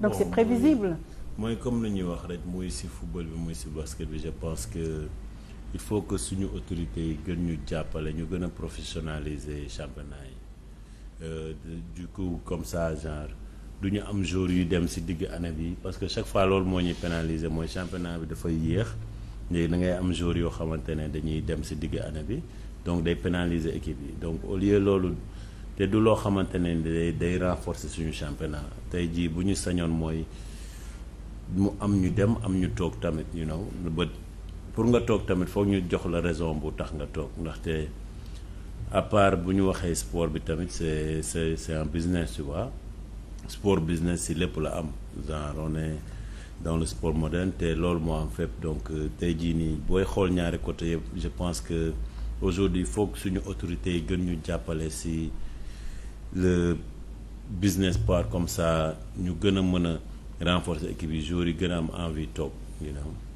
donc bon, c'est prévisible. mooy comme lu ñuy wax rek mooy ci football bi muy ci basket bi je pense que il faut que suñu autorité yi gën ñu jàppale ñu gën a professionnaliser championnat yi euh, du coup comme ça genre ñu am jour yu dem ci digg année bi parce que chaque fois loolu moo ñuy pénaliser mooy championnat bi dafay yéex léegi da ngay am jour yoo xamante ne dañuy dem ci digg année bi donc day pénaliser équipe yi donc au lieu loolu. te du loo xamante ne day day renforcer suñu championnat tey jii bu ñu sañoon mooy mu am ñu dem am ñu toog tamit ñu naw bët pour nga toog tamit foog ñu jox la raison bu tax nga toog ndaxte à part bu ñu waxee sport bi tamit c'est c'est c'est un business tu si lépp la am genre on est dans le sport moderne te loolu moo am fépp donc euh, tey jii nii booy xool ñaari côté yëpp je pense que aujourd'hui foog suñu autorités yi gën ñu jàppale si. le business part comme ça ñu gën a mën a renforcer équipe yi joueurs yi gën a am envie toog you know